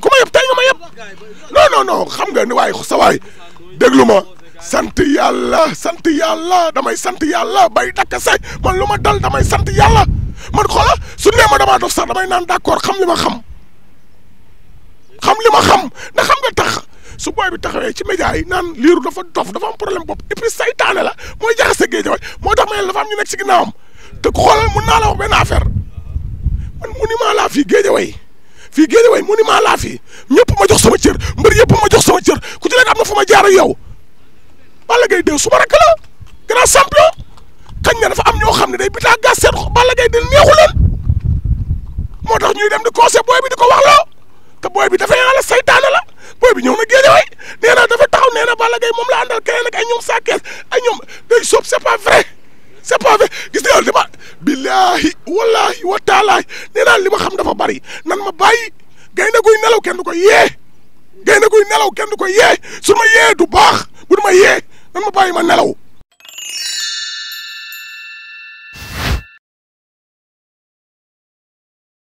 ku ma yëpp tey nga ma yëpp non non non xam nga ni waay sa waay déglu ma sant yàlla sant yàlla damay sant yàlla bay dakk man lu ma dal damay sant yàlla man xoola su nee ma damaa dof sax damay naan d'accord xam li ma xam xam li ma xam ndax xam nga tax su booy bi taxawee ci média yi naan liiru dafa dof dafa am problème bopp et puis la mooy jaxase géej waay moo tax ma yàlla dafa am ñu nekk ci ginnaawam te xoolal mun naa la wax benn affaire man mu ni maa laa fii géej waay fii Guédiawaye monument laa fii ñëpp ma jox sama cër mbër yëpp ma jox sama cër ku ci nekk am na fu ma jaar ak yow Balla Gaye 2 suma rakk la grand champion xañ na dafa am ñoo xam ne day bitaa gas seen Balla Gaye 2 neexu moo tax ñuy dem di conseil booy bi di ko wax loo te booy bi dafay yàlla saytaane la booy bi ñëw na Guédiawaye nee na dafa taxaw nee Balla Gaye moom la àndal keneen ak ay ñoom saakees ay ñoom day soob c'est pas vrai c'est pas vrai gis nga billaahi wa taalaay nee naa li ma xam dafa bari nan ma bàyyi gaynde guy nelaw kenn du ko yee gaynde guy nelaw kenn du ko yee su ma yee du baax bu du ma yee nan ma bàyyi ma nelaw